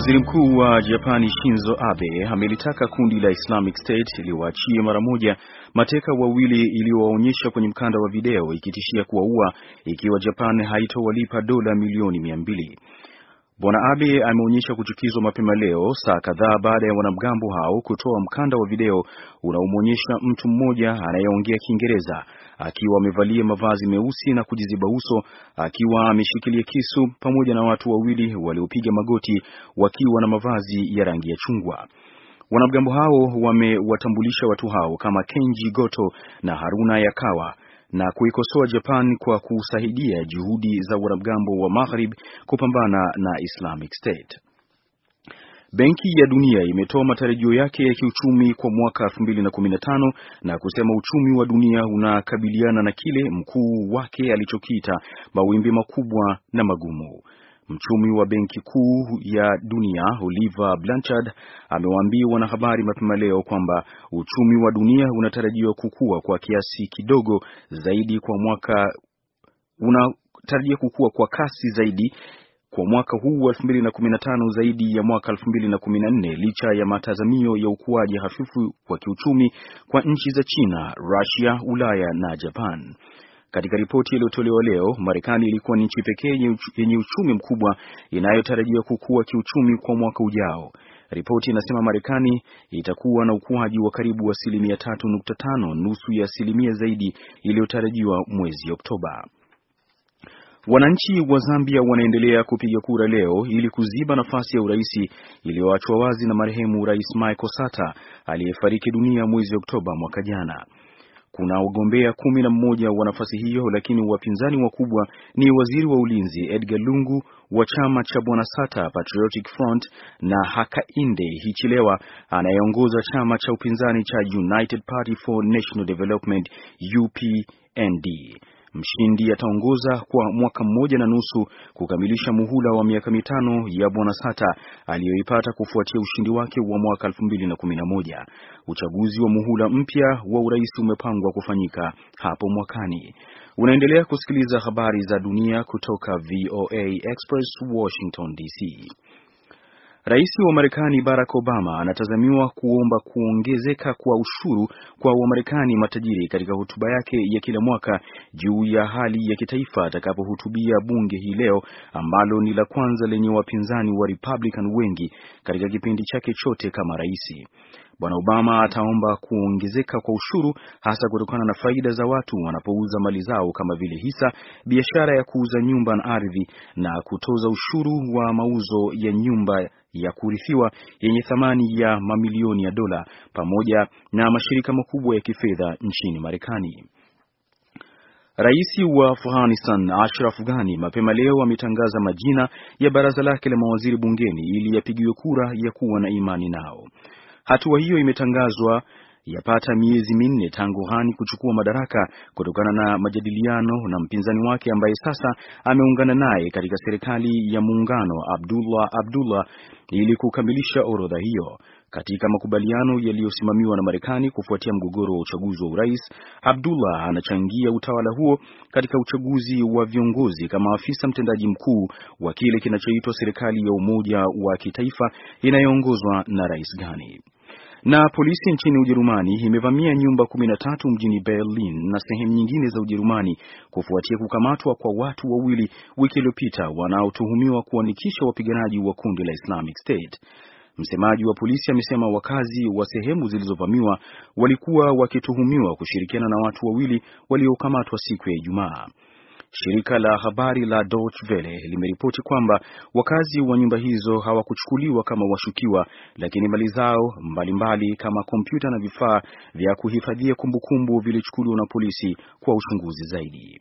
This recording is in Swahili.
Waziri Mkuu wa Japani Shinzo Abe amelitaka kundi la Islamic State liwaachie mara moja mateka wawili iliyowaonyesha kwenye mkanda wa video ikitishia kuwaua ikiwa Japan haitowalipa dola milioni mia mbili. Bwana Abe ameonyesha kuchukizwa mapema leo, saa kadhaa baada ya wanamgambo hao kutoa mkanda wa video unaomwonyesha mtu mmoja anayeongea Kiingereza akiwa amevalia mavazi meusi na kujiziba uso akiwa ameshikilia kisu pamoja na watu wawili waliopiga magoti wakiwa na mavazi ya rangi ya chungwa. Wanamgambo hao wamewatambulisha watu hao kama Kenji Goto na Haruna Yakawa na kuikosoa Japan kwa kusaidia juhudi za wanamgambo wa Maghrib kupambana na Islamic State. Benki ya Dunia imetoa matarajio yake ya kiuchumi kwa mwaka 2015 na kusema uchumi wa dunia unakabiliana na kile mkuu wake alichokiita mawimbi makubwa na magumu. Mchumi wa Benki Kuu ya Dunia Oliver Blanchard amewaambia wanahabari mapema leo kwamba uchumi wa dunia unatarajiwa kukua kwa kiasi kidogo zaidi kwa mwaka unatarajia kukua kwa kasi zaidi kwa mwaka huu wa 2015 zaidi ya mwaka 2014 licha ya matazamio ya ukuaji hafifu wa kiuchumi kwa nchi za China, Russia, Ulaya na Japan. Katika ripoti iliyotolewa leo, Marekani ilikuwa ni nchi pekee yenye uchumi mkubwa inayotarajiwa kukua kiuchumi kwa mwaka ujao. Ripoti inasema Marekani itakuwa na ukuaji wa karibu asilimia 3.5, nusu ya asilimia zaidi iliyotarajiwa mwezi Oktoba. Wananchi wa Zambia wanaendelea kupiga kura leo ili kuziba nafasi ya uraisi iliyoachwa wazi na marehemu Rais Michael Sata aliyefariki dunia mwezi Oktoba mwaka jana. Kuna wagombea kumi na mmoja wa nafasi hiyo, lakini wapinzani wakubwa ni waziri wa ulinzi Edgar Lungu wa chama cha Bwana Sata Patriotic Front na Hakainde Hichilewa anayeongoza chama cha upinzani cha United Party for National Development UPND. Mshindi ataongoza kwa mwaka mmoja na nusu kukamilisha muhula wa miaka mitano ya Bwana Sata aliyoipata kufuatia ushindi wake wa mwaka 2011. Uchaguzi wa muhula mpya wa urais umepangwa kufanyika hapo mwakani. Unaendelea kusikiliza habari za dunia kutoka VOA Express Washington DC. Rais wa Marekani Barack Obama anatazamiwa kuomba kuongezeka kwa ushuru kwa Wamarekani matajiri katika hotuba yake ya kila mwaka juu ya hali ya kitaifa atakapohutubia bunge hii leo, ambalo ni la kwanza lenye wapinzani wa Republican wengi katika kipindi chake chote kama rais. Bwana Obama ataomba kuongezeka kwa ushuru hasa kutokana na faida za watu wanapouza mali zao kama vile hisa, biashara ya kuuza nyumba na ardhi na kutoza ushuru wa mauzo ya nyumba ya kurithiwa yenye thamani ya mamilioni ya dola pamoja na mashirika makubwa ya kifedha nchini Marekani. Rais wa Afghanistan Ashraf Ghani mapema leo ametangaza majina ya baraza lake la mawaziri bungeni ili yapigiwe kura ya kuwa na imani nao. Hatua hiyo imetangazwa yapata miezi minne tangu Ghani kuchukua madaraka kutokana na majadiliano na mpinzani wake ambaye sasa ameungana naye katika serikali ya muungano Abdullah Abdullah ili kukamilisha orodha hiyo katika makubaliano yaliyosimamiwa na Marekani kufuatia mgogoro wa uchaguzi wa urais. Abdullah anachangia utawala huo katika uchaguzi wa viongozi kama afisa mtendaji mkuu wa kile kinachoitwa serikali ya umoja wa kitaifa inayoongozwa na Rais Ghani na polisi nchini Ujerumani imevamia nyumba 13 mjini Berlin na sehemu nyingine za Ujerumani kufuatia kukamatwa kwa watu wawili wiki iliyopita wanaotuhumiwa kuandikisha wapiganaji wa kundi la Islamic State. Msemaji wa polisi amesema wakazi wa sehemu zilizovamiwa walikuwa wakituhumiwa kushirikiana na watu wawili waliokamatwa siku ya Ijumaa. Shirika la habari la Deutsche Welle limeripoti kwamba wakazi wa nyumba hizo hawakuchukuliwa kama washukiwa, lakini mali zao mbalimbali kama kompyuta na vifaa vya kuhifadhia kumbukumbu vilichukuliwa na polisi kwa uchunguzi zaidi.